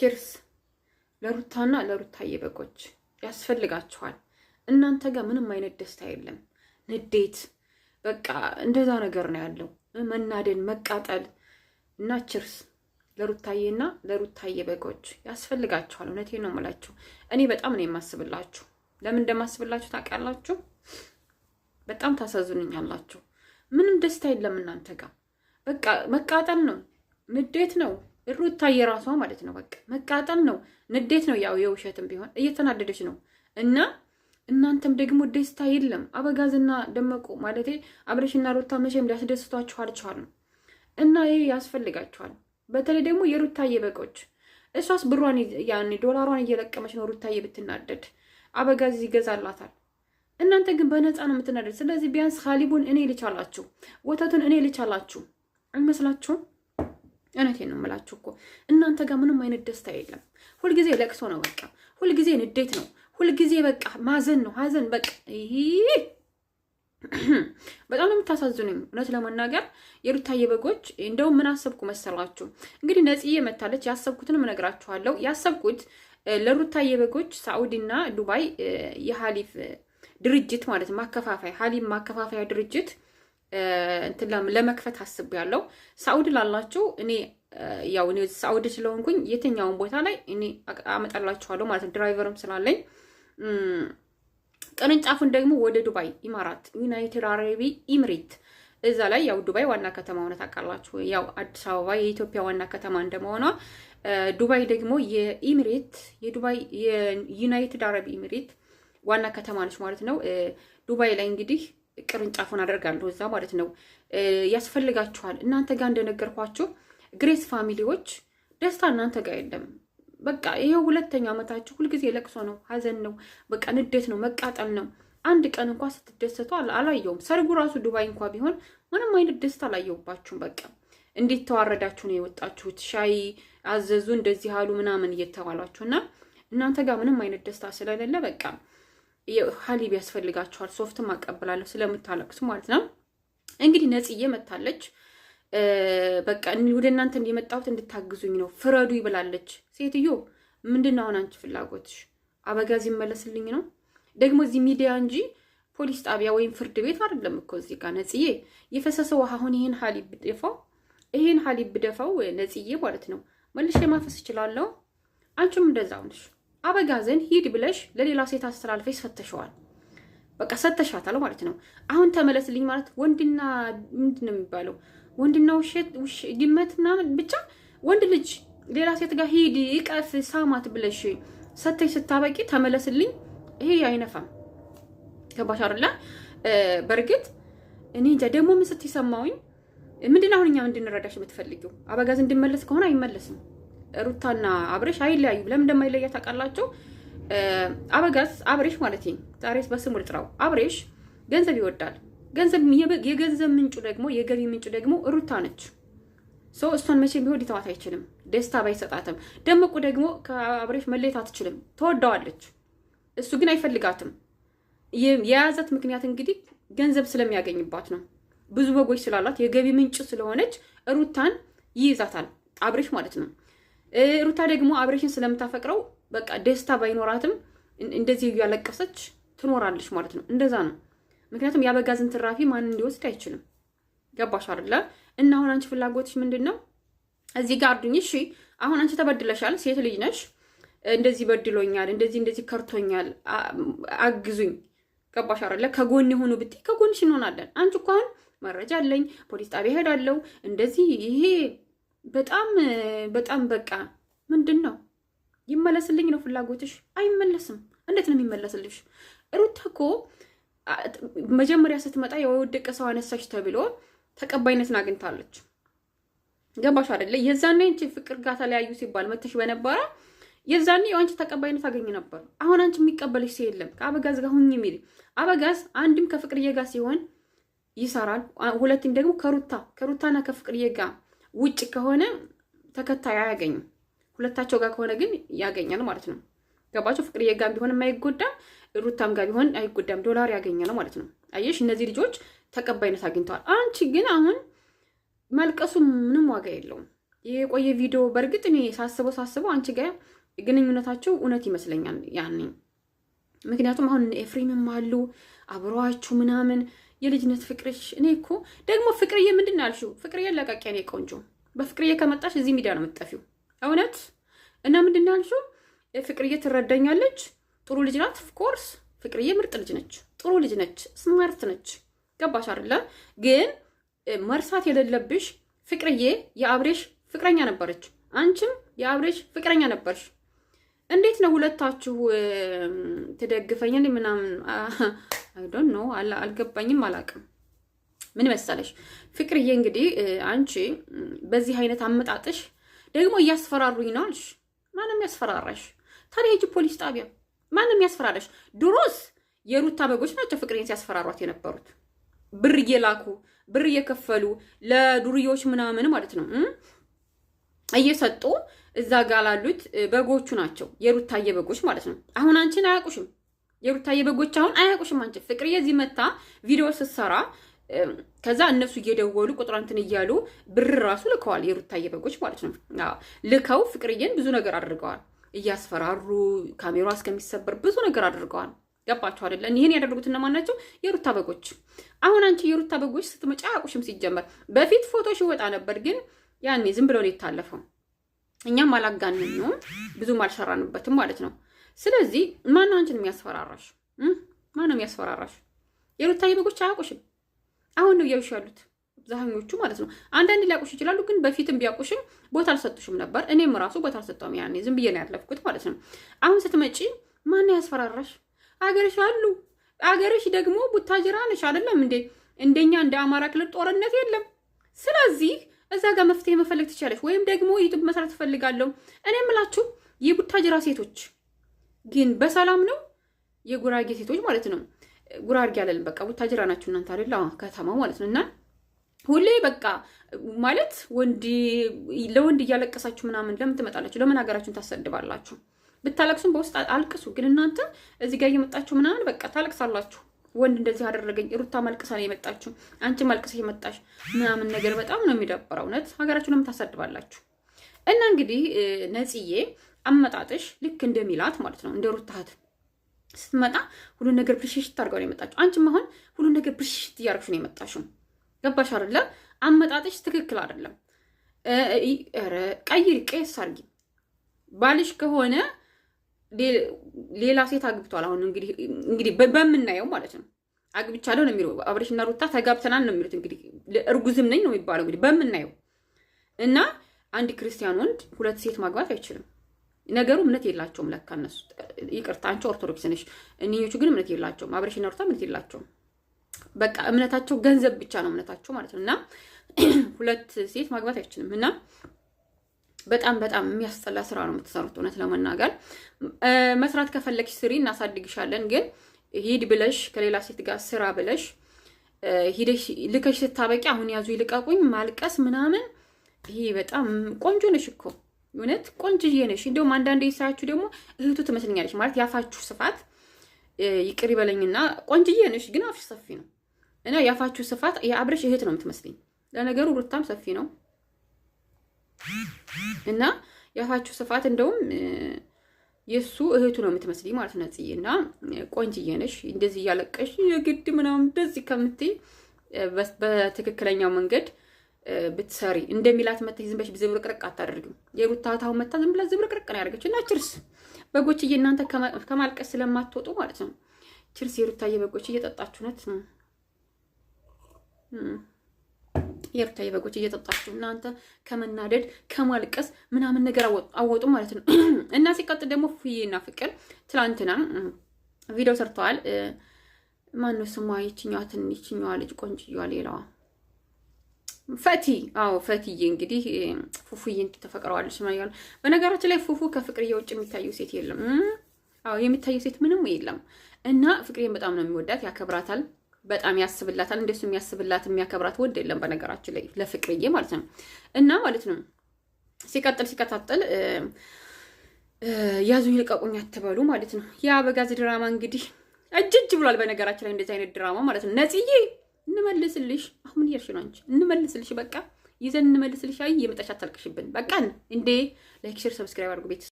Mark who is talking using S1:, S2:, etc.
S1: ኪርስ ለሩታና ለሩታዬ በጎች ያስፈልጋችኋል። እናንተ ጋር ምንም አይነት ደስታ የለም። ንዴት በቃ እንደዛ ነገር ነው ያለው፣ መናደን መቃጠል እና ችርስ ለሩታዬና ለሩታዬ በጎች ያስፈልጋችኋል። እውነቴ ነው የምላችሁ። እኔ በጣም ነው የማስብላችሁ። ለምን እንደማስብላችሁ ታውቃላችሁ? በጣም ታሳዝኑኛላችሁ። ምንም ደስታ የለም እናንተ ጋር በቃ መቃጠል ነው፣ ንዴት ነው። ሩታ የራሷ ማለት ነው። በቃ መቃጠል ነው፣ ንዴት ነው። ያው የውሸትም ቢሆን እየተናደደች ነው። እና እናንተም ደግሞ ደስታ የለም። አበጋዝና ደመቁ ማለት አብረሽና ሩታ መቼም ሊያስደስቷችሁ አልቻሉም። እና ይህ ያስፈልጋችኋል። በተለይ ደግሞ የሩታዬ በቆች እሷስ ብሯን ያን ዶላሯን እየለቀመች ነው። ሩታዬ ብትናደድ አበጋዝ ይገዛላታል። እናንተ ግን በነፃ ነው የምትናደድ። ስለዚህ ቢያንስ ሀሊቡን እኔ ልቻላችሁ፣ ወተቱን እኔ ልቻላችሁ አይመስላችሁም? እውነቴን ነው የምላችሁ እኮ እናንተ ጋር ምንም አይነት ደስታ የለም። ሁልጊዜ ለቅሶ ነው፣ በቃ ሁልጊዜ ንዴት ነው፣ ሁልጊዜ በቃ ማዘን ነው፣ ሀዘን በቃ ይህ በጣም ነው የምታሳዝኑኝ። እውነት ለመናገር የሩታዬ በጎች፣ እንደውም ምን አሰብኩ መሰላችሁ? እንግዲህ ነጽዬ መታለች። ያሰብኩትንም እነግራችኋለሁ። ያሰብኩት ለሩታዬ በጎች ሳዑዲና ዱባይ የሀሊፍ ድርጅት ማለት ማከፋፈያ ሀሊፍ ማከፋፈያ ድርጅት እንትን ለመክፈት አስብ ያለው ሳዑድ ላላችሁ እኔ ያው እኔ ሳውዲ ስለሆንኩኝ የትኛውን ቦታ ላይ እኔ አመጣላችኋለሁ ማለት ነው። ድራይቨርም ስላለኝ ቅርንጫፉን ደግሞ ወደ ዱባይ ኢማራት፣ ዩናይትድ አረቢ ኢምሬት እዛ ላይ ያው ዱባይ ዋና ከተማ ሆነ ታውቃላችሁ። ያው አዲስ አበባ የኢትዮጵያ ዋና ከተማ እንደመሆኗ ዱባይ ደግሞ የኢምሬት የዱባይ የዩናይትድ አረብ ኢምሬት ዋና ከተማ ነች ማለት ነው። ዱባይ ላይ እንግዲህ ቅርንጫፉን አደርጋለሁ እዛ ማለት ነው። ያስፈልጋችኋል። እናንተ ጋር እንደነገርኳችሁ ግሬስ ፋሚሊዎች ደስታ እናንተ ጋር የለም። በቃ ይሄ ሁለተኛ ዓመታችሁ ሁልጊዜ ለቅሶ ነው፣ ሀዘን ነው፣ በቃ ንዴት ነው፣ መቃጠል ነው። አንድ ቀን እንኳ ስትደሰቱ አላየውም። ሰርጉ ራሱ ዱባይ እንኳ ቢሆን ምንም አይነት ደስታ አላየውባችሁም። በቃ እንዴት ተዋረዳችሁ ነው የወጣችሁት። ሻይ አዘዙ እንደዚህ አሉ ምናምን እየተባሏችሁ እና እናንተ ጋር ምንም አይነት ደስታ ስለሌለ በቃ ሀሊብ ያስፈልጋቸዋል። ሶፍትም አቀብላለሁ ስለምታለቅሱ ማለት ነው። እንግዲህ ነጽዬ መታለች። በቃ ወደ እናንተ እንዲመጣሁት እንድታግዙኝ ነው፣ ፍረዱ ይብላለች። ሴትዮ ምንድን ነው አሁን አንቺ ፍላጎትሽ? አበጋዝ ይመለስልኝ ነው ደግሞ እዚህ ሚዲያ እንጂ ፖሊስ ጣቢያ ወይም ፍርድ ቤት አይደለም እኮ እዚህ ጋር ነጽዬ የፈሰሰ ውሃ አሁን ይህን ሀሊብ ብደፋው ይህን ሀሊብ ብደፋው ነጽዬ ማለት ነው መልሼ ማፈስ እችላለሁ። አንቺም እንደዛው ነሽ። አበጋዘን ሂድ ብለሽ ለሌላ ሴት አስተላልፈ ሰተሸዋል። በቃ ሰተሻታል ማለት ነው። አሁን ተመለስልኝ ማለት ወንድና ምንድን ነው የሚባለው? ወንድና ድመት ምናምን ብቻ ወንድ ልጅ ሌላ ሴት ጋር ሂድ ይቀፍ ሳማት ብለሽ ሰተሽ ስታበቂ ተመለስልኝ፣ ይሄ አይነፋም። ገባሽ አይደለ? በእርግጥ እኔ እንጃ ደግሞ ምን ስትሰማውኝ ምንድን አሁን እኛ እንድንረዳሽ የምትፈልጊው አበጋዝ እንድመለስ ከሆነ አይመለስም። ሩታና አብሬሽ አይለያዩ። ለምን እንደማይለያ ታውቃላችሁ? አበጋዝ አብሬሽ ማለት ዛሬስ በስሙ ልጥራው። አብሬሽ ገንዘብ ይወዳል። ገንዘብ የገንዘብ ምንጩ ደግሞ የገቢ ምንጩ ደግሞ ሩታ ነች። ሰው እሷን መቼም ቢሆን ሊተዋት አይችልም። ደስታ ባይሰጣትም ደመቁ ደግሞ ከአብሬሽ መለየት አትችልም። ተወዳዋለች። እሱ ግን አይፈልጋትም። የያዛት ምክንያት እንግዲህ ገንዘብ ስለሚያገኝባት ነው። ብዙ በጎች ስላላት የገቢ ምንጭ ስለሆነች ሩታን ይይዛታል አብሬሽ ማለት ነው። ሩታ ደግሞ አብሬሽን ስለምታፈቅረው በቃ ደስታ ባይኖራትም እንደዚህ እያለቀሰች ትኖራለች ማለት ነው። እንደዛ ነው። ምክንያቱም የአበጋዝን ትራፊ ማን እንዲወስድ አይችልም። ገባሽ አይደለ? እና አሁን አንቺ ፍላጎትሽ ምንድን ነው? እዚህ ጋር አርዱኝ። እሺ፣ አሁን አንቺ ተበድለሻል። ሴት ልጅ ነሽ። እንደዚህ በድሎኛል፣ እንደዚህ እንደዚህ ከርቶኛል፣ አግዙኝ። ገባሽ አይደለ? ከጎን የሆኑ ብትይ ከጎንሽ እንሆናለን። አንቺ እኮ አሁን መረጃ አለኝ፣ ፖሊስ ጣቢያ ሄዳለሁ፣ እንደዚህ ይሄ በጣም በጣም በቃ ምንድን ነው ይመለስልኝ ነው ፍላጎትሽ? አይመለስም። እንዴት ነው የሚመለስልሽ? ሩታ እኮ መጀመሪያ ስትመጣ የወደቀ ሰው አነሳች ተብሎ ተቀባይነትን አግኝታለች። ገባሽ አይደለ? የዛኔ አንቺ ፍቅር ጋር ተለያዩ ሲባል መተሽ በነበረ የዛኔ አንቺ ተቀባይነት አገኝ ነበር። አሁን አንቺ የሚቀበልሽ ሰው የለም። ከአበጋዝ ጋር ሁኝ የሚል አበጋዝ አንድም ከፍቅርዬ ጋር ሲሆን ይሰራል፣ ሁለትም ደግሞ ከሩታ ከሩታና ከፍቅርዬ ጋር ውጭ ከሆነ ተከታይ አያገኝም። ሁለታቸው ጋር ከሆነ ግን ያገኛል ማለት ነው። ገባቸው። ፍቅርዬ ጋር ቢሆንም አይጎዳም፣ ሩታም ጋር ቢሆን አይጎዳም። ዶላር ያገኛል ማለት ነው። አየሽ፣ እነዚህ ልጆች ተቀባይነት አግኝተዋል። አንቺ ግን አሁን መልቀሱ ምንም ዋጋ የለውም። የቆየ ቪዲዮ በእርግጥ እኔ ሳስበው ሳስበው አንቺ ጋር ግንኙነታቸው እውነት ይመስለኛል ያኔ ምክንያቱም አሁን ኤፍሬምም አሉ አብረዋችሁ ምናምን የልጅነት ፍቅርሽ። እኔ እኮ ደግሞ ፍቅርዬ ምንድን ነው ያልሽው? ፍቅርዬ ለቃቂ ነው ቆንጆ። በፍቅርዬ ከመጣሽ እዚህ ሚዲያ ነው የምጠፊው። እውነት እና ምንድን ነው ያልሽው? ፍቅርዬ ትረዳኛለች፣ ጥሩ ልጅ ናት። ኦፍኮርስ ፍቅርዬ ምርጥ ልጅ ነች፣ ጥሩ ልጅ ነች፣ ስማርት ነች። ገባሽ አይደለ? ግን መርሳት የሌለብሽ ፍቅርዬ የአብሬሽ ፍቅረኛ ነበረች፣ አንቺም የአብሬሽ ፍቅረኛ ነበርሽ። እንዴት ነው ሁለታችሁ ትደግፈኝ ምናምን አይዶን ነው አልገባኝም፣ አላውቅም። ምን መሰለሽ ፍቅርዬ፣ እንግዲህ አንቺ በዚህ አይነት አመጣጥሽ ደግሞ እያስፈራሩኝ ነው አልሽ። ማንም ያስፈራራሽ ታዲያ? ሂጂ ፖሊስ ጣቢያ። ማንም ያስፈራራሽ። ድሮስ የሩታ በጎች ናቸው ፍቅሬን ሲያስፈራሯት የነበሩት ብር እየላኩ ብር እየከፈሉ ለዱርዮች ምናምን ማለት ነው። እየሰጡ እዛ ጋ ላሉት በጎቹ ናቸው። የሩታዬ በጎች ማለት ነው። አሁን አንቺን አያውቁሽም። የሩታዬ በጎች አሁን አያውቁሽም። አንቺ ፍቅርዬ የዚህ መታ ቪዲዮ ስትሰራ ከዛ እነሱ እየደወሉ ቁጥራንትን እያሉ ብር ራሱ ልከዋል። የሩታዬ በጎች ማለት ነው። ልከው ፍቅርዬን ብዙ ነገር አድርገዋል። እያስፈራሩ ካሜራ እስከሚሰበር ብዙ ነገር አድርገዋል። ገባቸው አይደለ? ይህን ያደረጉት እነማን ናቸው? የሩታ በጎች። አሁን አንቺ የሩታ በጎች ስትመጪ አያውቁሽም። ሲጀመር በፊት ፎቶሽ ይወጣ ነበር ግን ያኔ ዝም ብሎ ነው የታለፈው። እኛም አላጋነነውም ብዙም አልሰራንበትም ማለት ነው። ስለዚህ ማነው አንቺን የሚያስፈራራሽ? ነው የሚያስፈራራሽ? የሩታዬ በጎች አያውቁሽም። አሁን ነው እያዩሽ ያሉት አብዛኞቹ ማለት ነው። አንዳንድ ሊያውቁሽ ይችላሉ፣ ግን በፊትም ቢያውቁሽም ቦታ አልሰጡሽም ነበር። እኔም ራሱ ቦታ አልሰጠውም ያኔ ዝም ብዬ ነው ያለፍኩት ማለት ነው። አሁን ስትመጪ ማነው ያስፈራራሽ? አገርሽ አሉ አገርሽ ደግሞ ቡታጅራ ነሽ አይደለም እንዴ? እንደኛ እንደ አማራ ክልል ጦርነት የለም። ስለዚህ እዛ ጋር መፍትሄ መፈለግ ትችላለች። ወይም ደግሞ ዩቱብ መስራት ትፈልጋለሁ። እኔ የምላችሁ የቡታጅራ ሴቶች ግን በሰላም ነው። የጉራጌ ሴቶች ማለት ነው። ጉራጌ አለልን በቃ ቡታጅራ ናችሁ እናንተ አደለ ከተማ ማለት ነው እና ሁሌ በቃ ማለት ወንድ ለወንድ እያለቀሳችሁ ምናምን ለምን ትመጣላችሁ? ለምን ሀገራችሁን ታሰድባላችሁ? ብታለቅሱም በውስጥ አልቅሱ። ግን እናንተ እዚህ ጋር እየመጣችሁ ምናምን በቃ ታለቅሳላችሁ። ወንድ እንደዚህ አደረገኝ፣ ሩታ ማልቀሳ ነው የመጣችሁ፣ አንቺ ማልቀሳ የመጣሽ ምናምን ነገር በጣም ነው የሚደብረው። እውነት ሀገራችሁን ለምን ታሳድባላችሁ? እና እንግዲህ ነጽዬ አመጣጥሽ ልክ እንደሚላት ማለት ነው እንደ ሩታት ስትመጣ ሁሉ ነገር ብልሽሽት ታርገው ነው የመጣችሁ። አንቺም አሁን ሁሉ ነገር ብልሽሽት እያደረግሽ ነው የመጣሽው። ገባሽ አይደለም? አመጣጥሽ ትክክል አይደለም። ቀይሪ፣ ቀስ አርጊ። ባልሽ ከሆነ ሌላ ሴት አግብቷል። አሁን እንግዲህ በምናየው ማለት ነው አግብቻለሁ ነው የሚለው አብሬሽና ሩታ ተጋብተናል ነው የሚሉት። እንግዲህ እርጉዝም ነኝ ነው የሚባለው እንግዲህ በምናየው እና አንድ ክርስቲያን ወንድ ሁለት ሴት ማግባት አይችልም። ነገሩ እምነት የላቸውም ለካ እነሱ። ይቅርታ አንቺ ኦርቶዶክስ ነሽ፣ እኒኞቹ ግን እምነት የላቸውም። አብሬሽና ሩታ እምነት የላቸውም። በቃ እምነታቸው ገንዘብ ብቻ ነው እምነታቸው ማለት ነው። እና ሁለት ሴት ማግባት አይችልም እና በጣም በጣም የሚያስጠላ ስራ ነው የምትሰሩት። እውነት ለመናገር መስራት ከፈለግሽ ስሪ፣ እናሳድግሻለን። ግን ሂድ ብለሽ ከሌላ ሴት ጋር ስራ ብለሽ ሂደሽ ልከሽ ስታበቂ አሁን ያዙ ይልቀቁኝ ማልቀስ ምናምን፣ ይሄ በጣም ቆንጆ ነሽ እኮ እውነት ቆንጅዬ ነሽ። እንዲሁም አንዳንዴ ስራችሁ ደግሞ እህቱ ትመስለኛለች ማለት ያፋችሁ ስፋት ይቅር ይበለኝና ቆንጅዬ ነሽ፣ ግን አፍሽ ሰፊ ነው እና ያፋችሁ ስፋት የአብረሽ እህት ነው የምትመስለኝ። ለነገሩ ሩታም ሰፊ ነው እና የአፋችሁ ስፋት እንደውም የእሱ እህቱ ነው የምትመስል ማለት ነው። ጽዬ እና ቆንጅዬ ነሽ። እንደዚህ እያለቀሽ የግድ ምናምን እንደዚህ ከምትይ በትክክለኛው መንገድ ብትሰሪ እንደሚላት መታ ዝም ብለሽ ዝብርቅርቅ አታደርግም። የሩታታው መታ ዝም ብላ ዝብርቅርቅ ነው ያደረገች። እና ችርስ በጎችዬ፣ እናንተ ከማልቀስ ስለማትወጡ ማለት ነው። ችርስ የሩታዬ በጎችዬ፣ እየጠጣችሁ ነት የሩታዬ በጎች እየጠጣችሁ እናንተ ከመናደድ ከማልቀስ ምናምን ነገር አወጡ ማለት ነው። እና ሲቀጥል ደግሞ ፉዬና ፍቅር ትላንትና ቪዲዮ ሰርተዋል። ነው ስሟ? ይችኛዋ ልጅ ቆንጅየዋ፣ ሌላዋ ፈቲ። አዎ ፈቲዬ እንግዲህ ፉፉዬን ተፈቅረዋለች ማለት። በነገራችን ላይ ፉፉ ከፍቅርዬ ውጭ የሚታየው ሴት የለም። አዎ የሚታየው ሴት ምንም የለም። እና ፍቅሬን በጣም ነው የሚወዳት፣ ያከብራታል በጣም ያስብላታል። እንደሱ የሚያስብላት የሚያከብራት ወድ የለም በነገራችን ላይ ለፍቅርዬ ማለት ነው። እና ማለት ነው ሲቀጥል ሲቀጣጠል ያዙኝ ልቀቁኝ አትበሉ ማለት ነው። የአበጋዝ ድራማ እንግዲህ እጅጅ ብሏል። በነገራችን ላይ እንደዚህ አይነት ድራማ ማለት ነው። ነጽዬ እንመልስልሽ፣ አሁን እየርሽ ነው አንቺ እንመልስልሽ፣ በቃ ይዘን እንመልስልሽ። አይ የመጣሽ አታልቅሽብን። በቃ እንዴ ላይክ፣ ሼር፣ ሰብስክራይብ አድርጉ ቤት